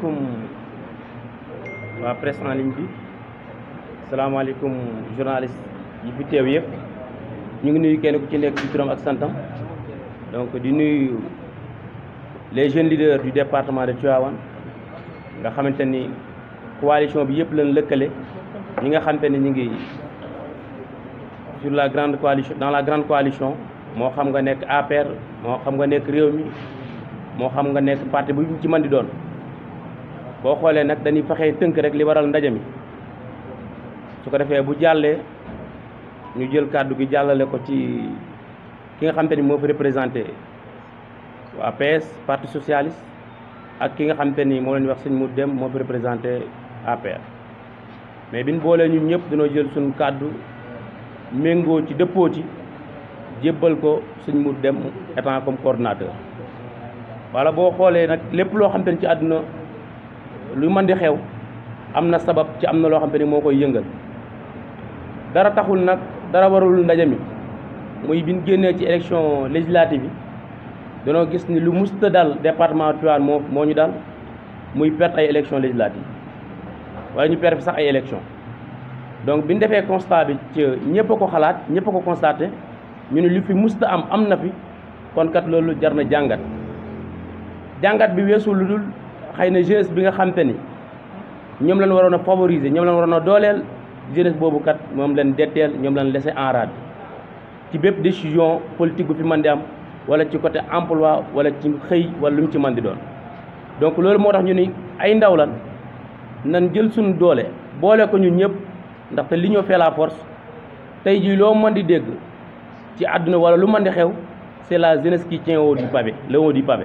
salaamaaleykum waa presse en ligne bi salaamaaleykum journaliste yi fi tew yëpp ñu ngi nuyu kenn ku ci nek ci turam ak santam donc di nuyu les jeunes leaders du département de Tivaouane nga xamanteni coalition bi yëpp lañ lëkkale ñi nga xamante ni ñu ngi sur la grande coalition dans la grande coalition mo xam nga nek APR mo xam nga nek rewmi mo xam nga nekk parti bu ci man di doon boo xoolee nag dañuy fexee tënk rek li waral ndaje mi su ko defee bu jàllee ñu jël kàddu gi jàllale ko ci ki nga xamante ni moo fi représenté waa PS parti socialiste ak ki nga xamante ni moo leen wax sëñ mu dem moo fi représenté APR mais biñ boolee ñun ñëpp dañoo jël suñu kàddu méngoo ci dëppoo ci jébbal ko suñ mu dem étant comme coordinateur wala boo xoolee nag lépp loo xamante ni ci àdduna lu man di xew amna sabab ci amna lo loo mo koy yëngal dara taxul nak, dara warul ndajami mi muy bi ñu ci élection législative da no gis ni lu musta dal département Tivaouane moo moo dal muy perte ay élection législative way ñu perte sax ay élection donc biñu défé constat bi ci ñepp ko xalaat ñepp ko constaté ñu lu fi musta am amna fi kon kat lolu jarna jangat jangat bi xëy jeunesse bi nga xamante ni ñom lañ waroon favoriser ñom lañ waroon dolel jeunesse bobu kat mom lañ detteel ñom lañ laisser en rade ci bép décision politique bu fi man di am wala ci côté emploi wala ci xey wala lu ci man di doon donc loolu motax ñu ni ay ndaw lan nan jël suñu dolé bolé ko ñun ñëpp ndaxte li ñoo fait la force tay ji lo mën di dégg ci aduna wala lu mën di xew c'est la jeunesse qui tient au du pavé le haut du pavé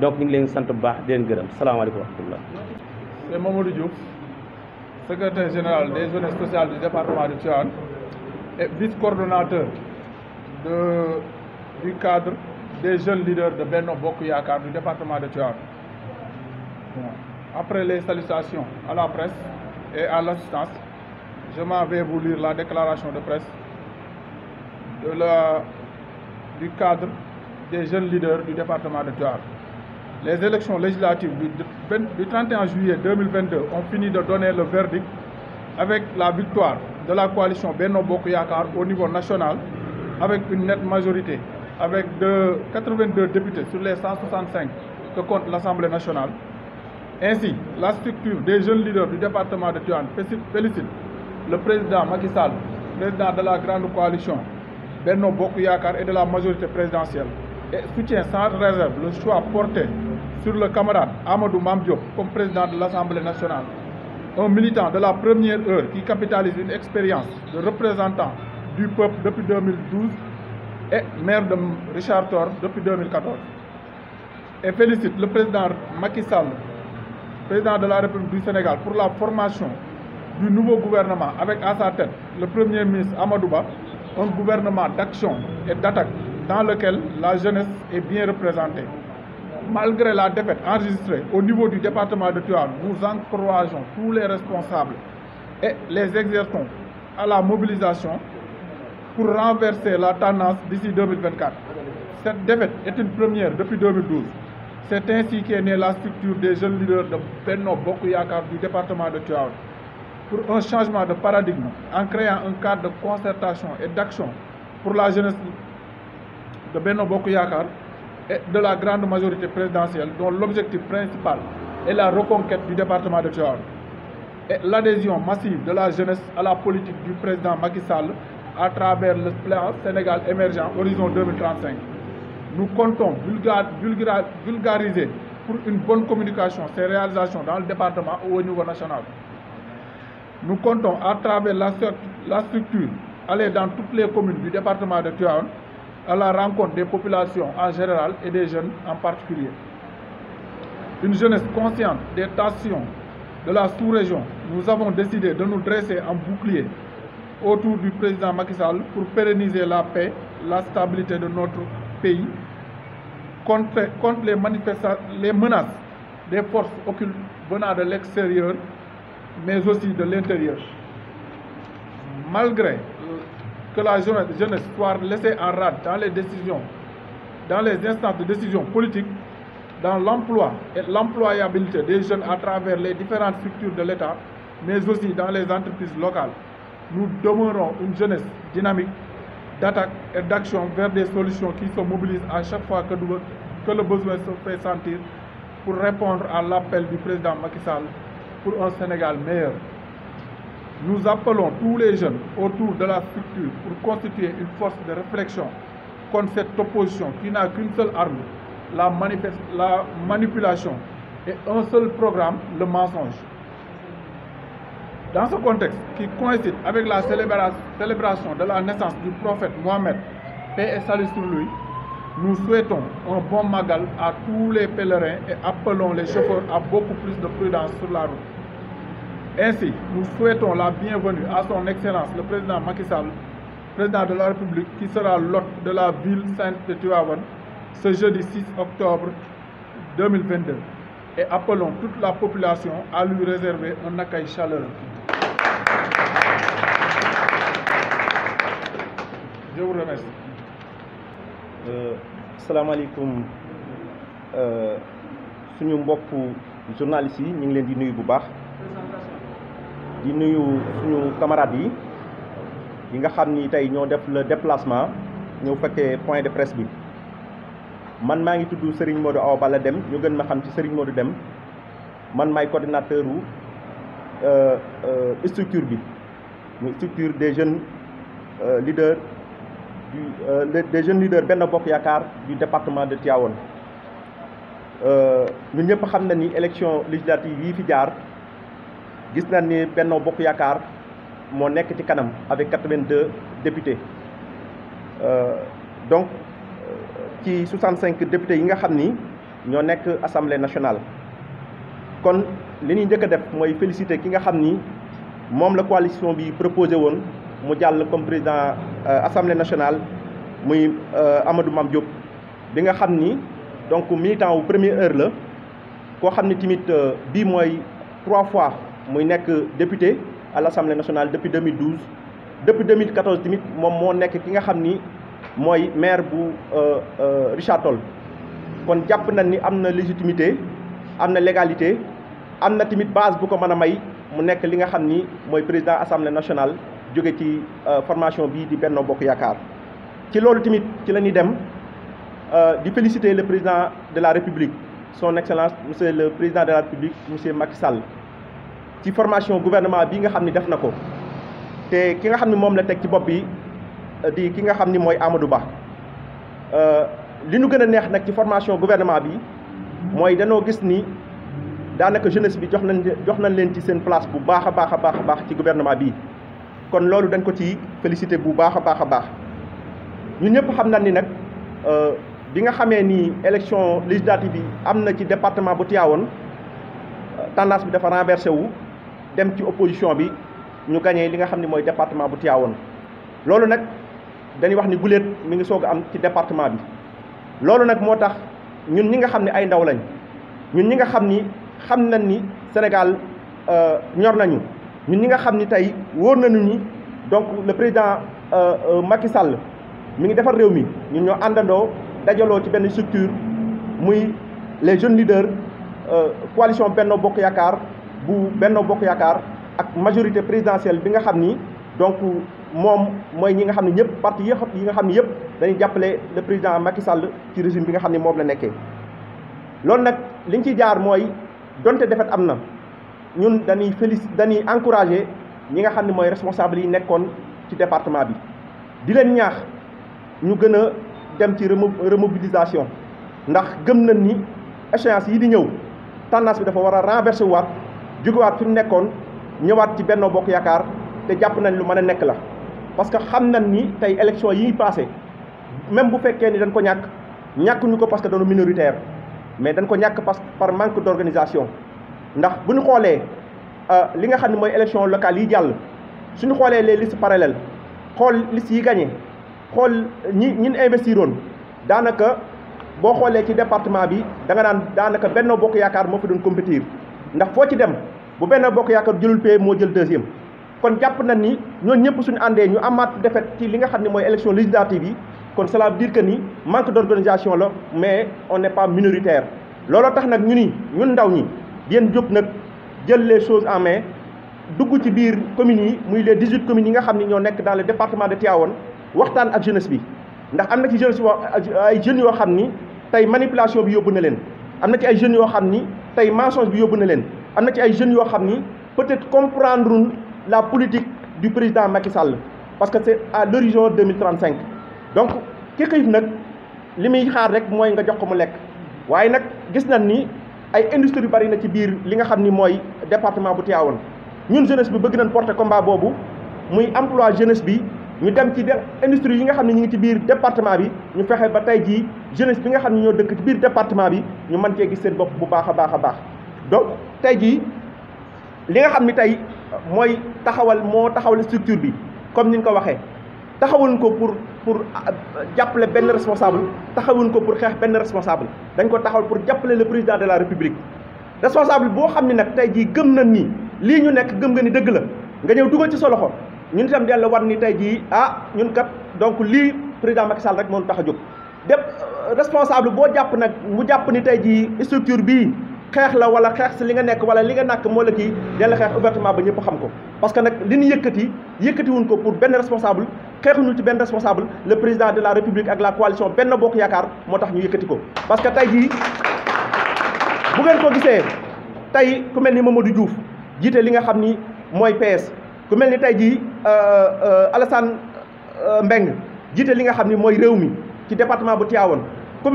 donc nous sommes bu baax c'est Mamadou Diouf secrétaire général des jeunes spéciales du département de Tchad, et vice-coordonnateur du cadre des jeunes leaders de Benno Bokk du département de Tchad. après les salutations à la presse et à l'assistance je m'en vais vous lire la déclaration de presse du cadre des jeunes leaders du département de Tchad les élections législatives du 31 juillet 2022 ont fini de donner le verdict avec la victoire de la coalition Benno Bokuyakar au niveau national avec une nette majorité, avec 82 députés sur les 165 que compte l'Assemblée nationale. Ainsi, la structure des jeunes leaders du département de Tuan félicite le président Macky Sall, président de la grande coalition Benno Bokuyakar et de la majorité présidentielle et soutient sans réserve le choix porté sur le camarade Amadou Mambio, comme président de l'Assemblée nationale, un militant de la première heure qui capitalise une expérience de représentant du peuple depuis 2012 et maire de Richard Thor depuis 2014. Et félicite le président Macky Sall, président de la République du Sénégal, pour la formation du nouveau gouvernement avec à sa tête le premier ministre Amadouba, un gouvernement d'action et d'attaque dans lequel la jeunesse est bien représentée malgré la défaite enregistrée au niveau du département de Tuan, nous encourageons tous les responsables et les exerçons à la mobilisation pour renverser la tendance d'ici 2024. Cette défaite est une première depuis 2012. C'est ainsi qu'est née la structure des jeunes leaders de Benno Bokuyakar du département de Tuareg pour un changement de paradigme en créant un cadre de concertation et d'action pour la jeunesse de Benno Bokuyakar de la grande majorité présidentielle dont l'objectif principal est la reconquête du département de Tivaouane et l'adhésion massive de la jeunesse à la politique du président Macky Sall à travers le plan Sénégal émergent Horizon 2035. Nous comptons vulgariser pour une bonne communication ces réalisations dans le département ou au niveau national. Nous comptons à travers la structure aller dans toutes les communes du département de Tivaouane à la rencontre des populations en général et des jeunes en particulier. Une jeunesse consciente des tensions de la sous-région, nous avons décidé de nous dresser en bouclier autour du président Macky Sall pour pérenniser la paix, la stabilité de notre pays contre, les, les menaces des forces occultes venant de l'extérieur, mais aussi de l'intérieur. Malgré que la jeunesse soit laissée en rade dans les décisions, dans les instances de décision politique, dans l'emploi et l'employabilité des jeunes à travers les différentes structures de l'État, mais aussi dans les entreprises locales. Nous demeurons une jeunesse dynamique d'attaque et d'action vers des solutions qui se mobilisent à chaque fois que, que le besoin se fait sentir pour répondre à l'appel du président Macky Sall pour un Sénégal meilleur. Nous appelons tous les jeunes autour de la structure pour constituer une force de réflexion contre cette opposition qui n'a qu'une seule arme, la, manipulation, et un seul programme, le mensonge. Dans ce contexte qui coïncide avec la célébration de la naissance du prophète Mohamed, paix et salut sur lui, nous souhaitons un bon magal à tous les pèlerins et appelons les chauffeurs à beaucoup plus de prudence sur la route. Ainsi, nous souhaitons la bienvenue à son Excellence le président Macky Sall, président de la République, qui sera l'hôte de la ville sainte de ce jeudi 6 octobre 2022 et appelons toute la population à lui réserver un accueil chaleureux. Je vous remercie. Euh, salam alaikum. Euh, journaliste di nuyu suñu camarades yi yi nga def le déplacement fait point de presse bi man ma ngi tudd Serigne Modou ñu gën xam ci Serigne Modou man coordinateur de euh, euh, structure bi euh, des jeunes leaders du des jeunes leaders du département de Tiawan. ñun ñëpp xam na ni élection législative yi gis nañ ni Benno Bokk yakar mo nek ci kanam avec 82 députés euh députés donc euh, ci 65 députés yi nga xamni ño nek assemblée nationale. kon li ni ñëk def moy féliciter ki nga xamni la coalition bi proposé won mu jall comme président euh, assemblée nationale muy euh, Amadou mam Diop bi nga xamni donc militant au première heure la ko xamni timit trois fois. Je suis député à l'Assemblée nationale depuis 2012 depuis 2014 je suis maire bu euh, euh, Richard Toll kon suis nañ ni amna légitimité amna légalité amna timit base bu ko mën may mu nek li président assemblée nationale ci euh, formation bi di Benno Bokk yakar ci lolu di féliciter le président de la République son excellence monsieur le président de la République monsieur Macky Sall ci formation gouvernement bi nga xamni def nako té ki nga xamni ni la tek ci bop bi di ki nga xamni moy Amadou Ba euh, li nu gëna neex nak ci formation gouvernement bi moy danoo gis ni daanaka jeunesse bi jox nañ jox nañ leen ci seen place bu baax a baax baax ci gouvernement bi kon loolu dañ ko ci félicité bu baax a baax a ñun ñëpp xam nañ ni euh bi nga xamé ni élection législative bi amna ci département bu Tivaouane tendance bi dafa renverser wu dem ci opposition bi ñu gagné li nga xam ne mooy département bu Tivaouane loolu nag dañuy wax ni guléet mi ngi soog a am ci département bi loolu nag moo tax ñun ñi nga xam ne ay ndaw lañ ñun ñi nga xam ni xam nañ ni Sénégal euh, ñor nañu ñun ñi nga xam ni tey wóor nañu ni donc le président euh, euh, Macky Sall mu ngi defar réew mi ñun ñoo àndandoo dajaloo ci benn structure muy les jeunes leaders coalition benn Bokk Yaakaar bu Benno Bokk yakar ak majorité présidentielle bi nga xamni donc mom moy ñi nga xamni ñepp ñëpp parti yi nga xamni yépp dañu dañuy le président Macky Sall ci régime bi nga xamni mom la nekkee lool nak liñ ci jaar moy donte defet amna ñun dañuy félicité dañuy encourager ñi nga xamni moy responsable yi nekkoon ci département bi di leen ñaax ñu gëna dem ci remobilisation ndax gëm nañ ni échéance yi di ñëw tendance bi dafa wara renverser waat jógewaat fi mu ñewat ci Benno Bokk yakar te japp nañ lu mën a nekk la parce que xam nañ ni tay élection yi passé même bu fekkee ni dañ ko ñak ñàkkuñu ko parce que dañu minoritaire mais dañ ko ñak parce par manque d'organisation ndax bu xolé euh li nga xamni moy mooy élection locale yi jall suñu xolé les listes parallèles xol liste yi gagné xol ñi ñin investiroon danaka bo xolé ci département bi da nga nan danaka Benno Bokk yakar mo fi doon compétir ndax fo ci dem bu ben bokk yaakaar jëlul pay mo jël deuxième kon japp nañ ni ñoon ñëpp suñu andé ñu amaat defet ci li nga xamni moy élection législative yi kon cela veut dire que ni manque d'organisation la mais on n'est pas minoritaire lolo tax nak ñu ni ñun ndaw ñi yéen jóg nak jël les choses en main dugg ci biir commune yi muy les 18 communes yi nga xamni ne ñoo nekk dans le département de Tivaouane waxtaan ak jeunesse bi ndax amna na ci jeunesse ay jeune yo xamni tay manipulation bi yobuna len amna ci ay jeunes yo xamni tay mensonge bi yobuna len am ci ay jeunes yo xamni peut-être comprendre la politique du président Macky Sall parce que c'est à l'horizon 2035 donc ki xiif nak li xaar rek moy nga jox ko mu lekk waye nak gis nañ ni ay industrie bari na ci biir li nga xamni moy département bu Tivaouane ñun jeunesse bi bëgg nañ porter combat bobu muy emploi jeunesse bi ñu dem ci industrie yi nga xamni ñi ngi ci biir département bi ñu fexé ba tay ji jeunesse bi nga xamni ñoo dëkk ci biir département bi ñu mën ci gis seen bopp bu baaxa baaxa baax donc tey jii li nga xam ni tey mooy taxawal moo taxawal structure bi comme ni ñu ko waxee taxawuñ ko pour pour ah, jàppale benn responsable taxawuñ ko pour xeex benn responsable dañ ko taxawal pour jàppale le président de la république responsable boo xam ne nag tey jii gëm na nii lii ñu nekk gëm nga ni dëgg la nga ñëw dugal ci sa loxo ñun itam dellu war ni tey jii ah ñun kat donc lii président Macky Sall rek moom tax a jóg. dépp euh, responsable boo jàpp nag mu jàpp ni tey jii structure bii. xeex la wala xeex si li nga nekk wala li nga nàkk moo la kii della xeex ouvertement ba ñëpp xam ko parce que nag li ñu yëkkati yëkkati wuñ ko pour benn responsable xeexuñu ci benn responsable le président de la république ak la coalition benn bokk yaakaar moo tax ñu yëkkati ko parce que tey jii bu ngeen ko gisee tey ku mel ni Mamadou Diouf jiite li nga xam ni mooy PS ku mel ni tey jii euh, euh, Alassane euh, Mbengue jiite li nga xam ni mooy réew mi ci département bu Tivaouane ku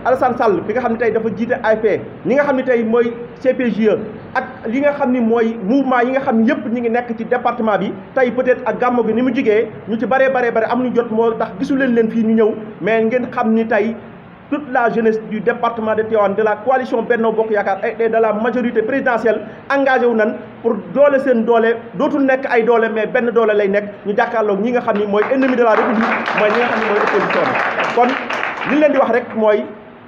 Alassane Sall bi nga xamni tay dafa jité AFP ñi nga xamni tay moy mooy CPGE ak li nga xamni moy mouvement yi nga xamni yépp ñi ngi nekk ci département bi tay peut-être ak gàmmo bi ni mu jigee ñu ci baree baree bare am ñu jot moo tax gisu leen leen fii ñu ñëw mais ngeen xamni tay toute la jeunesse du département de Tivaouane de la coalition Benno Bokk Yaakaar et de la majorité présidentielle engagé wu nan pour doole seen doole dotul nekk ay doole mais benn doole lay nekk ñu jàkkaarloog ñi nga xamni moy ennemi de la république moy ñi nga xamni moy mooy opposition kon liñ leen di wax rek moy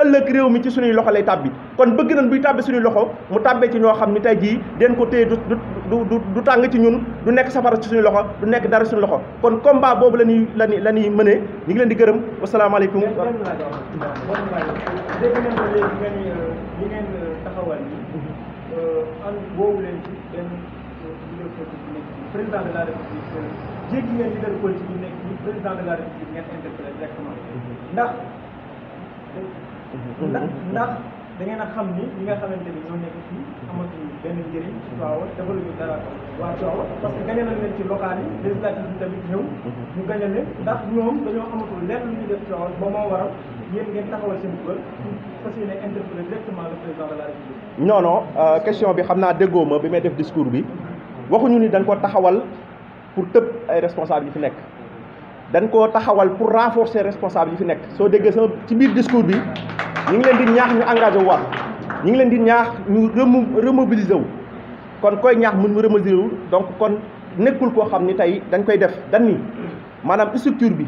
ëllëg réew mi ci suñuy loxo lay tàbbi kon bëgg nañ buy tàbbi suñuy loxo mu tàbbee ci ñoo xam ni tey jii den ko téye du du du tàng ci ñun du nekk safara ci suñuy loxo du nekk dara suñu loxo kon combat boobu la ñuy la la ñuy mënee ñu ngi leen di gërëm wasalaamaaleykum. président de la république jéggi ngeen leader la république ngeen Mm-hmm. ndax ndax da a xam ñi nga xamante ni ñoo nekk fii amatuñu benn njëriñ ci Tivaouane defaluñu dara waa Tivaouane mm-hmm. dañoo amatul lenn lu ñu taxawal seen dugal fas yéene euh, question bi xam naa déggoo ma bi may def discours bi waxuñu ni dañ ko taxawal pour tëb ay responsables yi fi nekk dañ koo taxawal pour renforcer responsable yi fi nekk soo déggee sama ci biir discours bi ñu ngi leen di ñaax ñu engagé wu waat ñu ngi leen di ñaax ñu remobiliser wu kon koy ñaax mun mu remobiliser wu donc kon nekkul koo xam ni tey dañ koy def dañ ni maanaam structure bi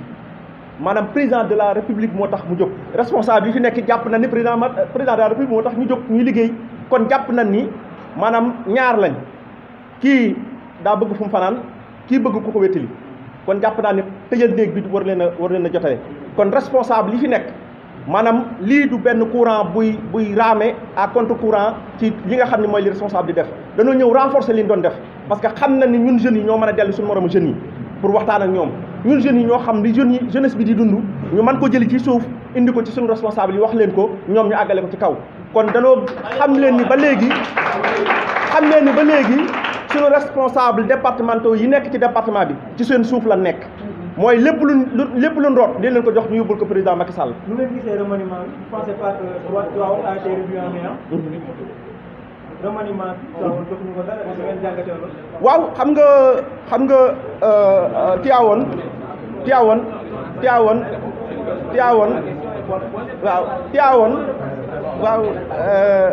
maanaam président de la république moo tax mu jóg responsable yi fi nekk jàpp na ni président président de la république moo tax ñu jóg ñuy liggéey kon jàpp na ni maanaam ñaar lañ kii daa bëgg fu mu fanaan kii bëgg ku ko wéttali kon jàpp naa ne tëjal néeg bi war leen war leen a jotale kon responsable yi fi nekk manam li du ben courant buy buy ramé à contre courant ci li nga xamni moy li responsable di def dañoo ñëw renforcer li ñu doon def parce que xam na ni ñun jeune yi ñoo mëna a suñu morom jeune yi pour waxtaan ak ñoom ñun jeune yi ñoo xam ni jeune yi jeunesse bi di dund ñu man ko jël ci suuf indi ko ci suñu responsable yi wax leen ko ñoom ñu agalé ko ci kaw kon danoo xam leen ni ba légui xam leen ni ba légui suñu responsable départementaux yi nekk ci département bi ci seen suuf la nekk mooy lépp lu lépp lu ndoot di leen ko jox ñu yóbbul ko président Macky Sall. nu gisee remaniement bi a été réduit en ko dara da ngeen waaw xam nga xam nga euh, euh, Tivaouane Tivaouane Tivaouane Tivaouane waaw Tivaouane waaw euh,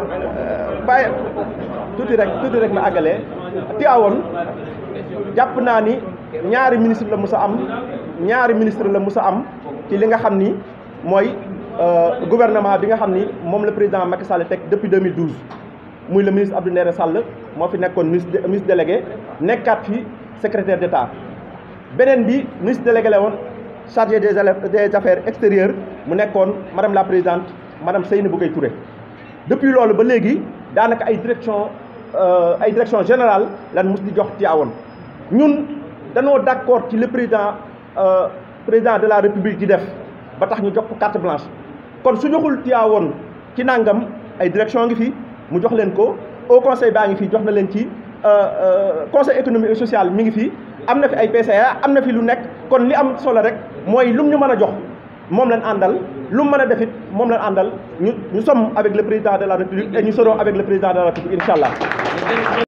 bàyyi tuuti rek tuuti rek jàpp naa ni. ñaari ministre la mus a am ñaari ministre la mus sa am ci li nga xam ni mooy euh, gouvernement bi nga xam ni moom la président Macky Sall teg depuis 2012 muy le ministre Abdou Ndéné Sall moo fi nekkoon ministre ministre délégué nekkaat fi secrétaire d'État beneen bi ministre délégué la woon chargé des des affaires extérieure mu nekkoon madame la présidente madame Seynabou Gaye Touré depuis loolu ba léegi daanaka ay direction euh, ay direction générale lan mus di jox Tivaouane danoo d'accord ci le président euh, président de la république di def ba tax ñu jox ko carte blanche kon su joxul woon ci nangam ay direction ngi fi mu jox leen ko au conseil baa ngi fi jox na leen ci euh, euh, conseil économique et social mu ngi fi am na fi ay PCA am na fi lu nekk kon li am solo rek mooy lum ñu mën a jox moom lañ àndal lu mu mën a defit moom lañ àndal ñu ñu sommes avec le président de la république et ñu solo avec le président de la allah